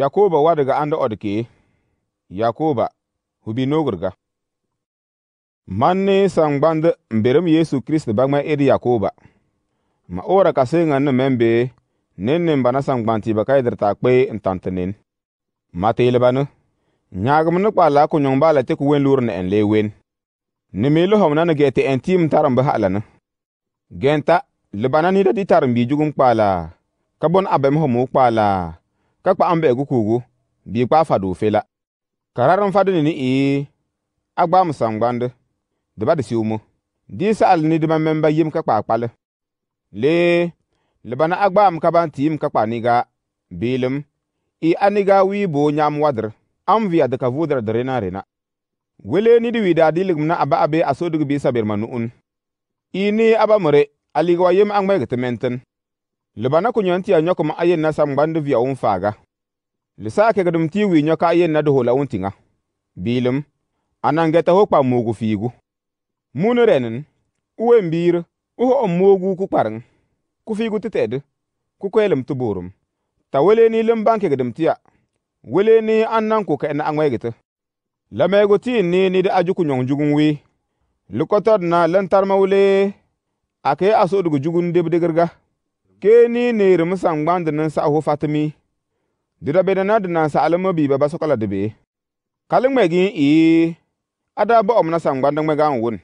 yakoba an da odke yakoba hubi nogurga san sangband mberem yesu kristi bagma edi yakoba ma ora kasenga ne membe nen nen bana gbanti ba kaider ta kpe ntantenen matele banu nyagum ne kwala ku nyong bala te kuwen wen lur ne en lewen ne me lo homna ne gete en tim taram ba halana genta lebana ni da di taram bi jugum la kabon abem homu la ka kpa ambe gu kugu bi kpa fadu fela kararan fadu ni e agba musangbande de ba de si umu di sal ni de memba yim ka kpa kpale le le bana agba am ka ban tim ka kpa ni ga bilim i aniga wi bo nyam wadr am via de ka vudra de rena rena wele ni di wida di ligmna aba abe aso bi sabir un ini aba mure aliga wayem angme Liba na kunyon tia nyo kuma ayen na mbandu vya un faga. Lisa ke gadum tiwi nyo ka ayen na dohola unti nga. Bilim, anangeta hokpa mugu figu. Munu renin, uwe mbir, uho o mugu kuparang. Kufigu tited, kukwelem tuburum. Ta wele ni limbanke gadum tia. Wele ni annan kuka ena angwegita. Lamego ti ni ni da aju kunyon jugun wi. Lukotod na lantarma wule ake aso dugu jugun debdegirga. keni neri nan sa ninsaɣu fatimi dira be dina dinan saɣali mi bi ba sokala di be kalin ŋmɛgi n i ada ba omna na sangbandi mega won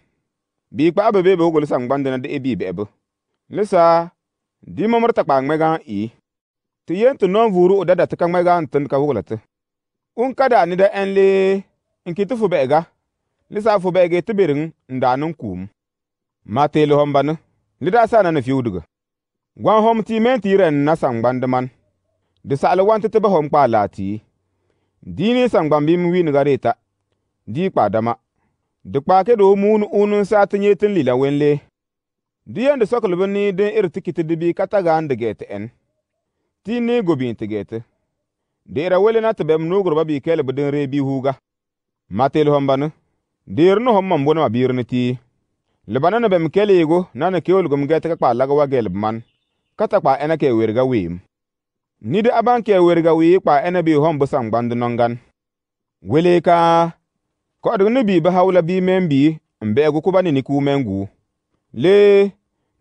bi kwa ba bi be bi guli sangbandi na di e be bu lisa di ma takpaa ŋmɛga mega i ti yen ti nɔn vuuri o dada ti ka ŋmɛga ka wugla ti un ka da ni da ɛn lee n ki tufu be ga lisa fu be ge beriŋ n daa ni kuum ma teeli hɔmbani sa na na ni gwan hom ti men ti ren na sangbandi man di saɣali wanti er ti ba hom kpaa laa tii diini sangbambi mi wiiniga reeta dii kpaa dama di kpaa ke doo muuni uunin saa ti nyee tin lila wenlee di yen di sokilibu ni din iri ti kiti dibii ka tagaan di geeti en tii nii gobiin ti geeti di ira wele na ti bem nuugurba bii keelibu din ree bii huuga matil hombani diiri ni hom mambo nima biiri ni tii libana ni bem keliigu na ni kewulgum geeti ka kpaa wa gelibu man kata kpa ene ke werga wim nidi aban ke werga wii kpa ene bi hom busan gbandu nongan wele ka kodgu ni bi bahawla bi men bi mbegu kubani ni mengu le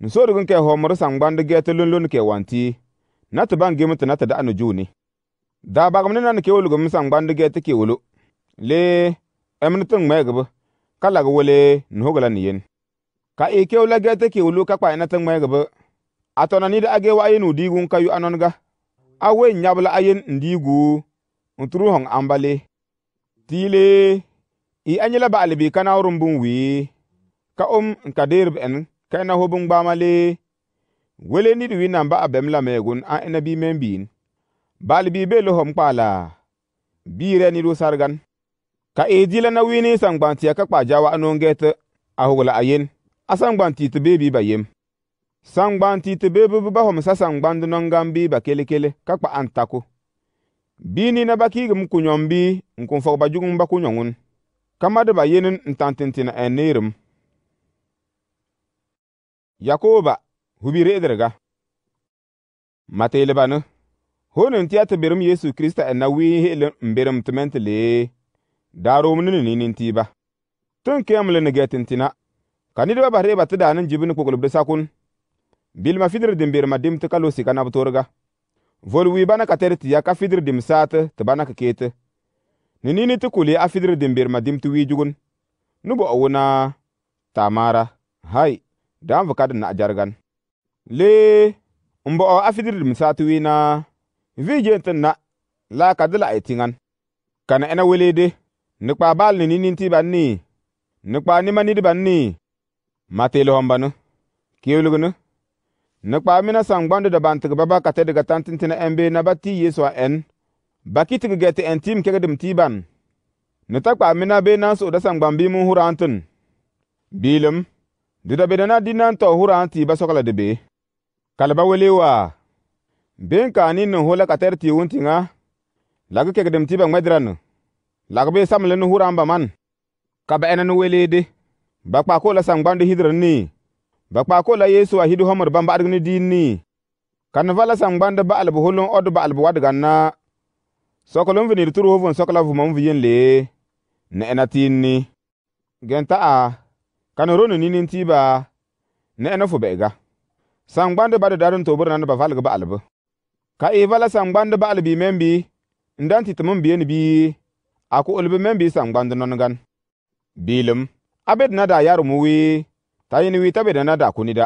nsodgun ke homru san gbandu gete lunlun ke wanti natu ban gimu ti da anu juni da bagum ni nan ke wulgum san gbandu gete ke wulu le emni tin ngmegbu kalagu wele nhogla ni yin ka wula gete ke wulu ka kpa ene tin ngmegbu a tonanida age wa ayen udigun kayu anonga a we nyabla ayen ndigu nturu hong ambale tile i anyela ba alibi kana urumbun wi ka um nkadir ben kaina hobun gbamale wele nid wi namba abemla megun a enabi membin balibi be lohom kpala bire nidu sargan ka edila na wini sangbantiya ka kpajawa anongete ahugla ayen asangbanti te bebi bayem sangban titi bebe ba hom sa sangbandi nongan bi ba kelekele ka kpa an taku bini na ba kiigim kunyon bi n kun fog ba jugum ba kunyongun kamadi ba yenin n tan tintina ɛn neerim yakoba hubi re'edirga mateelibani honin tiya ti birim yesu kirista ɛn na wii hi'ili n birim timen ti lee daaromni ni nin tiiba tin kemli ni gɛ ka nidba ba re'eba ti n jibi ni kpoklibdi sakun bil ma fidir dim bir ma dim ti ka lo sika nabtorga torga vol wi bana ka ter ti ya ka fidr dim saati ti bana ka keti ni nini ti kuli a fidir dim bir ma dim ti wi jugun nubu awuna tamara hai dan vukad na jargan le mbo a fidir dim saati wi na vi jentin na la ka dila ay tingan kana ena welede ni kpa bal ni nini ti ban ni ni kpa ni ma ni di ban ni ma te lo hombanu kiyewlugu nu ni kpaamina sangbandi daban tigi ba ba ka tediga tan tintina embe na ba ti yesu a en ba ki tigi geti en tim kegdim tiban ni ta kpaamina be nan so'oda sangban bimun hurantin biilim dida be dana din nan to huran ti ba sokla de be kalba wele wa ben kani nin hola ka ter ti wunti nga lagu kegdim tiba ngwedran lagu be samle ni huran ba man ka ba enan wele de ba kpa ko la sangban de hidran ni bakpa ko la yesu a hidu homor bamba adgni dinni kan vala sangbande ba albu hulun odu ba albu wadganna sokolon vinir turu hovon sokola vumam viyen le ne ni genta a kan ronu ninin tiba ne enafu bega sangbande ba dadun tobur nan ba valga ba albu ka e vala sangbande ba albi membi ndanti tumun biyen bi aku ulbi membi sangbande nongan bilim abed na da yaru muwi ta yini wi tabe na da kunida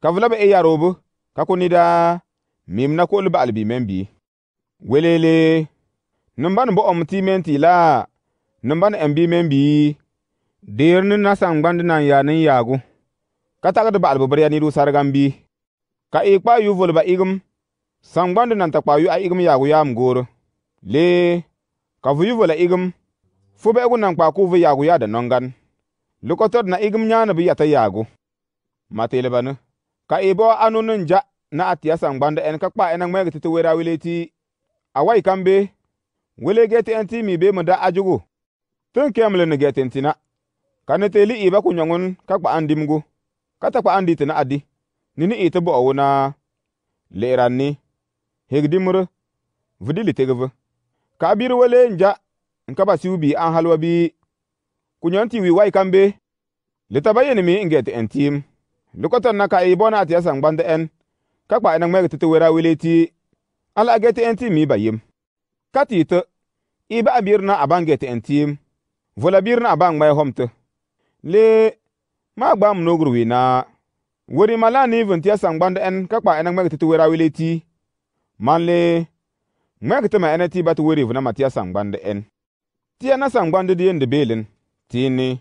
ka vula be ya robu ka da mim na ko ba albi bi welele numban bo omti ti la numban embi bi dir ni na gbandu na ya nin yagu ka tagd ba albu bar ya ni du sargambi ka i kwa yu vol ba igum gbandu nan ta kwa yu a igum yagu ya goro le ka vu yu vula igum fu be gu na kpa ku vu yagu ya da nongan lukotot na igim nyana bi yata matele banu ka ibo anunun ja na atiya sangbanda en ka kpa en ngmeg titu wera ti awai kambe wile geti enti mi be munda ajugu tun kemle ni geti na kana teli iba kunyongun ka kpa mgu kata kpa andi tina adi nini ite bo awuna leranni hegdimur vudili tegevu ka abiru wale nja nkaba siubi an halwa bi ku nyon ti wi wai kambe le tabayen mi inget en tim lukoton na ka ibona ti asan gbande en ka kpa enang meg tete wera wile ti ala get en tim mi bayim kati to iba abirna abang get en tim vola birna abang mai homte le ma gbam no gru wi na wori mala ni vun ti asan gbande en ka kpa enang meg tete wera wile ti man le meg tete ma enati bat wori vuna matiasan gbande en ti ana san gbande di en de belin tini kuni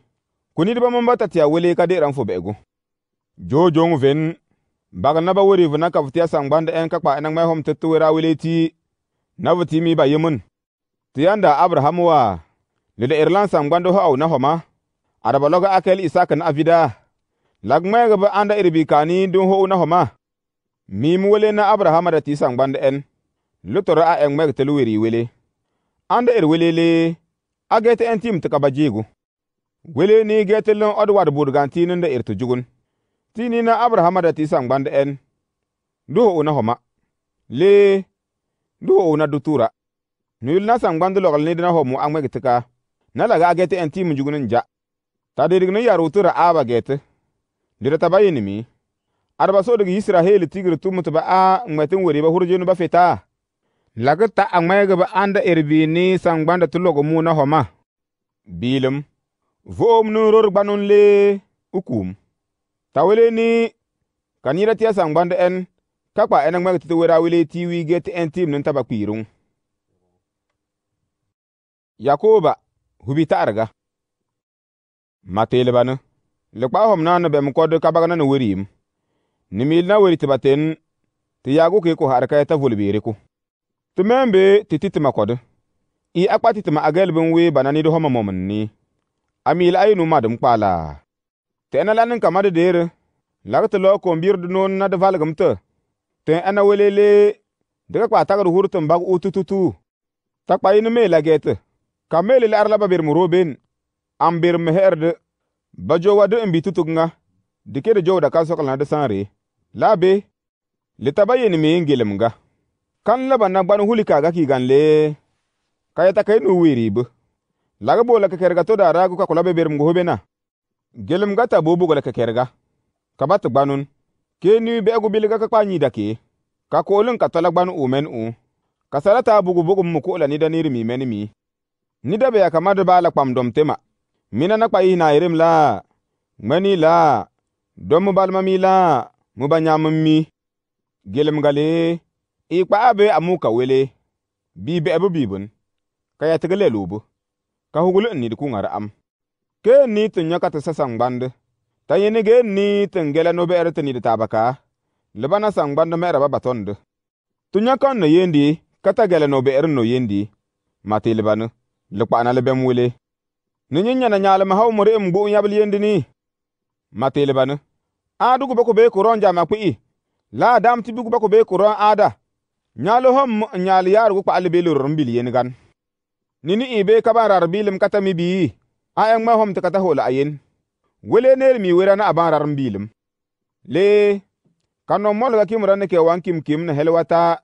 kunidi ba mambata a wele ka deran fo begu jojongu ven bag naba wori vna ka vtiya sangbanda en ka kpa enang mai hom tetu wera wele ti na vti mi ba yemun tiyanda abraham wa lele erlan sangbando ho au na homa araba loga akel isaka na avida lag ga ba anda irbi kani dun ho na homa mi mu wele na abraham da ti sangbanda en lutora a en mai telu weri wele anda er wele le agete en tim tka bajigu wele ni getelin odwad budgan tinin da irti jugun tini na abrahama da tisan gbanda en duho una homa le duho una dutura nuyul na san gbanda lokal ni dina homu an megitika na laga agete en timin jugunin ja ta dirig ni yar utura aba gete dira tabayini mi arba so daga israheli tigir tumutu ba a ngmetin wuri ba hurjinu ba fita lagta a ngmega ba anda erbini san gbanda tulogo mu na homa bilim vom nu ror gbanun le ukum taweleni kanira ti asan gbandi en kakpa en ngmek titi wera wile ti wige ti en tim nun taba kpirung yakoba hubi ta arga matelbanu likpa hom na no bem kodu kabagna no werim miil na weri tibaten ti yagu ke ko harka ta volbere ko tumembe titi timakodu i akpa titima agelbin we banani do homo momni amil nu madum kpala te ena lanin kamadi dere lagti lo kombir dunon na divalgimti te ena welele dika kpa tagir hurtin bag utututu ta kpayini me lageti ka melili ar laba bir muroben am bir meherdi ba jowa di imbi tutukinga dike de jowda da sokalna da sanre labe me yeni meyin gelimga kan laba na gbani hulika ga kigan le kayata kayinu bu laga bola kekerga to da ragu ka kula beberum go hobena gelum gata bobu gola kekerga kabat gbanun ke ni be gu bilga ka kwanyi da ke ka kolun ka tala gbanu umen u ka salata bugu bugu mu ko ni da niri mi meni mi ni da be ka madu bala kpam dom tema mina na kpayi na irim la ngmeni la dom mu balma mi la mu banyam mi gelum gale ikpa abe amu ka wele bi be abu bibun ka ya tigale lubu ka hugul n nid kuŋar am ke n ni tin nyaka ti sasangband ta yini ge n ni tin er er gele no be'er ti nid tabaka liba na saŋgband me'era ba batond tu nyaka n no yendi kata gele no be'er no yendi mati libanu likpa'ana libem wile ni nyin nyana nyalim hau muri im gbu'un yabil yendi ni mati libanu adugu bako be kuron jama kwi'i la dam ti bigu bako be kuron ada nyalo hom nyal yar gu kpa'al be lurum bil yen gan nini ibe kabarar bilim kata mi biyi ayang mahom te kata hola ayin wele ner mi wera na abarar bilim le kanon molga kimran ke wan kim kim na helwata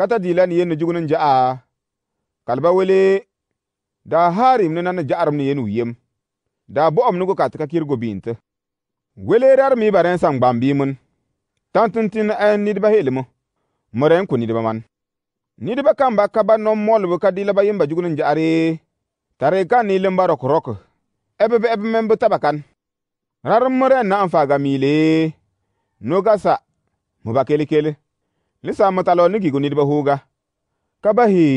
kata dilan yen jugunan ja'a kalba wele da harim na na ja'arum ne yen uyem da bo'om nugo kat ka go binte wele rar mi baren sang bambi mun tantin tin an nidba helmo moren ku nidba man nidba e e kan ba ka ba nom molbu ka di laba yimba jugunin jari tare kan ni limba rok rok ebe be ebe membu tabakan rar mure na anfa ga mile no gasa mu ba kele kele lisa matalo ni gigu nidba huga kaba hi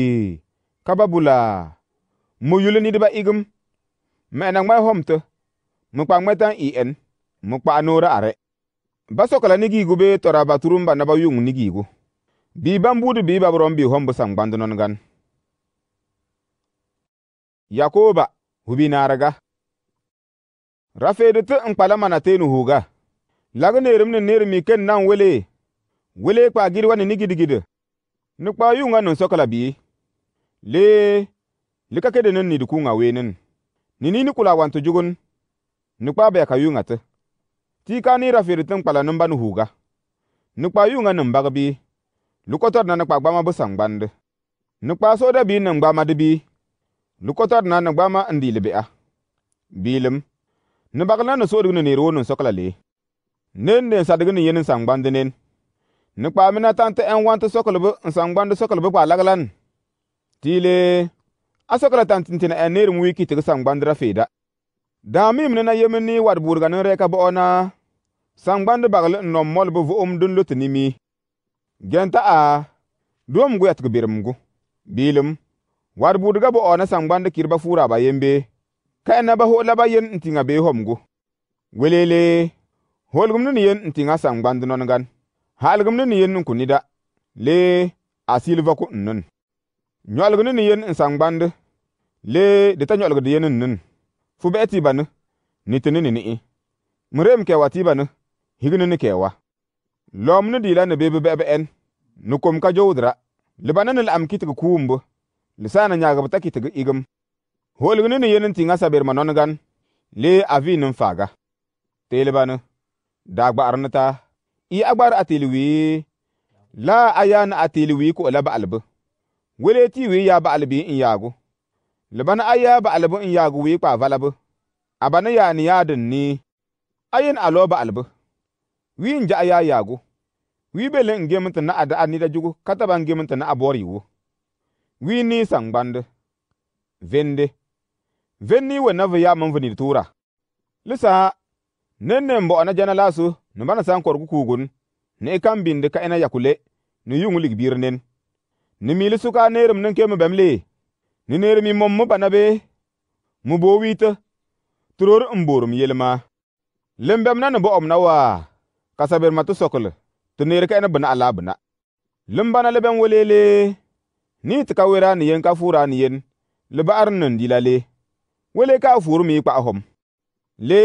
kaba bula mu yulu nidba igum me na ngma homto mu kpa ngmetan en mu kpa anora are basokala ni gigu be tora baturumba na ba yung ni gigu bi ban budu bi ba bi hombu sangbando non gan yakoba hubi naraga rafedu ti n mana te tenu huga lagu nerim ni nerim mi ken nan wele wele kpa gidi wani gidi ni kpa yunga nun sokala bi le lika kede nin ni dukunga wenin ni ni ni kula wantu jugun ni kpa be ka yu ti ti ka ni rafedu ti n kpala numba ni huga ni kpa yunga nun bi. lukotor e na ni kpagbama bu sangbandi ni kpaso da bi ni ngbama di bi lukotor na ni gbama n diili bi'a biilim ni bagila ni soodigi ni neerwo nin sokla lee nen nen sadigi ni yin n sangbandi nen ni mina tante ɛn wanti soklibu n sangbandi soklibu lagalan. lagilan tiile tante sokla tantintina ɛn neerim wiki tigi sangbandira feeda daamim ni na yemin ni wadbuuriga nin rɛka bo'o na sangbandi bagili n nom molibu vo'om din lu ti nimii genta a duwam gu yatgu birumgu bilum war budga bo ona sangbande kirba fura ba yembe ka na ba ho ba yen ntinga be homgu welele holgum ni yen ntinga sangbande nongan halgum ni yen kunida le asilva ku nun nyolgni ni yen sangbande le de ta nyolgdi yen nun fu beti banu nitini ni ni mrem kewa tibanu higni ni kewa lom ni dila ni bebe bebe en ni kom ka jowdra libana ni lam kitigi kuumbu lisana nyagab ta kitigi igim holgi ni ni yenin tinga sabir ma gan. le avi nin faga telibani da gbar ni ta i agbar atiliwi la aya ni atiliwi ko la ba'albi wele tiwi ya ba'albi in yagu libana aya ba'albi in yagu wi kpa valabu abana ya ni yadin ni ayin alo ba'albi wi nja ya yago wi bele ngem tana ada ani da jugo kata ba ngem tana abori wo wi ni sangbande vende venni we na ya man veni tura lisa ne mbo ana jana lasu no bana san korgu kugun ne kan binde ka ina yakule ni yungulik birnen ni mili suka nerum nan kemu bemle ni nermi bana banabe mu bo wita turor mborum yelma lembem nan bo na wa kasaber matu sokole tu ner ka ene bena ala bena na leben welele ni tika wera ni yen ka fura ni yen liba arnin dila le wele ka furu mi kpa hom le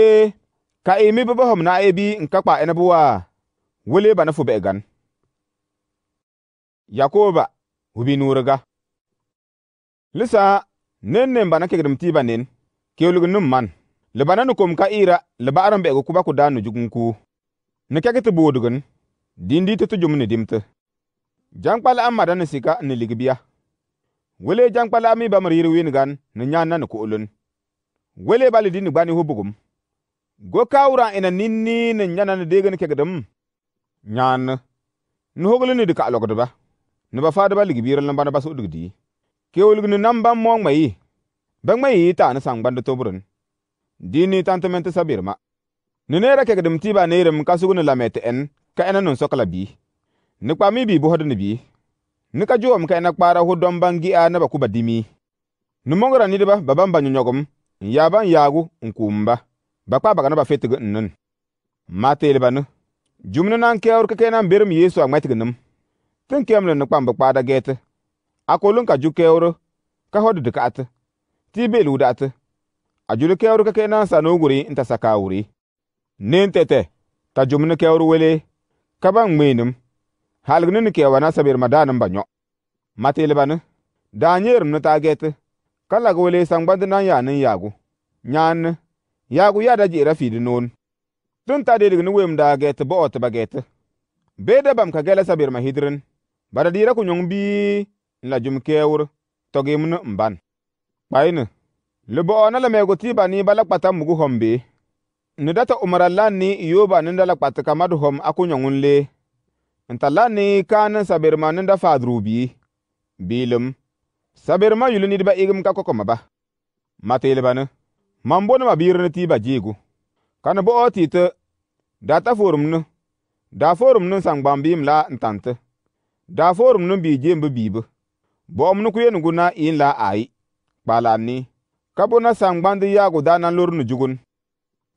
ka emi bebe hom na ebi nka kpa ene buwa wele bana fu be gan yakoba hubi nurga lisa nen nen bana kegrim tiba nen keolug num man libana nu kom ka ira liba aran be ku kuba ku danu jugun ku kage te bodu gan dindi di tujum ni dimti jankpala an mada ni sika ni ligibiya wele ami ba bamir win gan ne nyanna ni ku'ulun wele bali di gbani hubugum go kawra ina ninni ni nyana ni kage dum nyanni ne hogli ne di ka logo ba faade ligibirin lamba lan ba su'digdi kewulgini namban mo ngmayi ba ta dini tantimenti sabirma nunera kekdem tiba nerem kasugu ni lame ti en ka ena nun sokla bi ni kpami bi bohod ni bi ni ka juwom ka ena kpara hu domban na a ku ba dimi ni mongra nidiba baban ba nyonyogum n yaaba n yaagu n kuumba ba kpa baga naba fetigi n nun ma teelba ni jumni na n keor kekena n berem yeesu a ŋmetigi nim n` kemli ni kpambi kpaada geeti a kolun ka ju keoro ka hodu dika'ati ti belu da'ati a juli keor kekena n sanoo wuri n ta sakaa wuri nentete ta jumni kewru wele kaba ŋmeenim halgini ni kewa na sabir ma danim ba nyo matilbani da nyerim ni ka lag wele sangbandi nan ya yaagu yagu nyaanni yagu yada jera fidi noon tun ta dedig ni weem daa geti bo oti ba geti bede bam ka gele sabir ma hidrin da diira ku bii n la jum kewur togimni mban kpaini libo ona la megu tiba ni la kpata mugu hombe ni data umarallan ni iyoba nin dala kpatti kamad hom aku nyongun le ntallan ni kanin sabirma nin da fadru bi bilim sabirma yulu ni diba igim ka koko maba matilbani mamboni ma biirini tiiba jiigu kani bo'o tiiti da ta forumni da forumni sangbam biim la ntanti da forumni bii jembi biibi bo'omni ku yenigu na iin la ayi kpalan ni ka bu na sangbandi yaagu da nan lorni jugun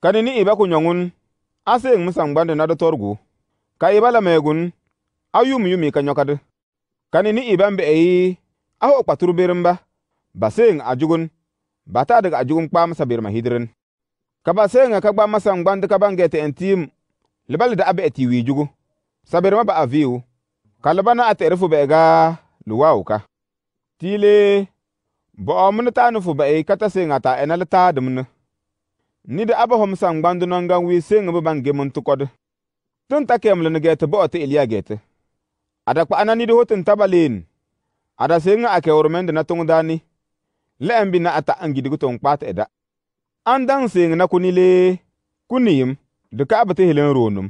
kani ni iba ku nyongun asing bande na dotorgu ka iba la megun ayum yumi ka nyokad kani ni iba mbe a aho kpatur birimba ng ajugun bata daga ajugun kpa masa birma hidirin ka basenga ka gba bande ka bangete entim libali da abe eti wijugu sabirma ba aviu kalbana ga bega ka tile bo omnu ta nufu ba e kata se ta enal ta dumne nida da abahom san gbandu non gan wi se ngbu ban gemun tukod tun ta kem lin get bo te iliya get ada kwa anani ni do hotin tabalin ada se nga ake urmende na tungu dani le ambi na ata angidi tun kpat eda an dan se na kunile kuniyim de ka bate helen ronum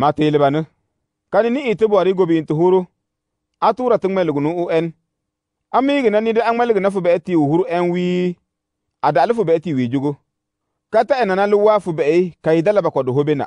mate lebanu kani ni ite ari gobi intu huru atura tungmelugunu un amigi na ni da angmelugna fu be ti uhuru enwi ada alfu be ti wi jugo kata enana lu wafu be'ei kaida laba kodu hobena